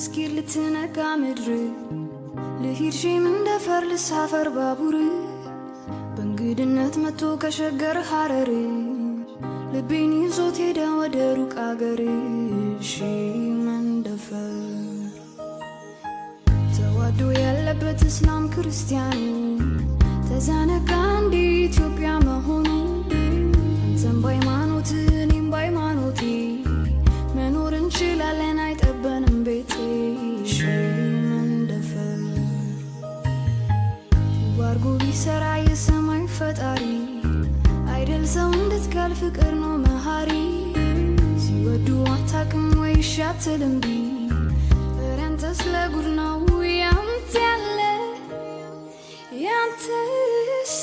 እስኪር ልትነጋ ምድር ልሂድ ሺም እንደፈር ልሳፈር ባቡር በእንግድነት መጥቶ ከሸገር ሐረር ልቤን ይዞት ሄደ ወደ ሩቅ አገር ሺም እንደፈር ተዋዶ ያለበት እስላም ክርስቲያን ተዘነጋ እንደ ኢትዮጵያ አርጎ ቢሰራ የሰማይ ፈጣሪ አይደል ሰው እንድትጋል ፍቅር ነው መሃሪ ሲወዱ አታቅም ወይ ሻትልምቢ ረንተ ስለ ጉድ ነው ያንተ ያለ ያንተስ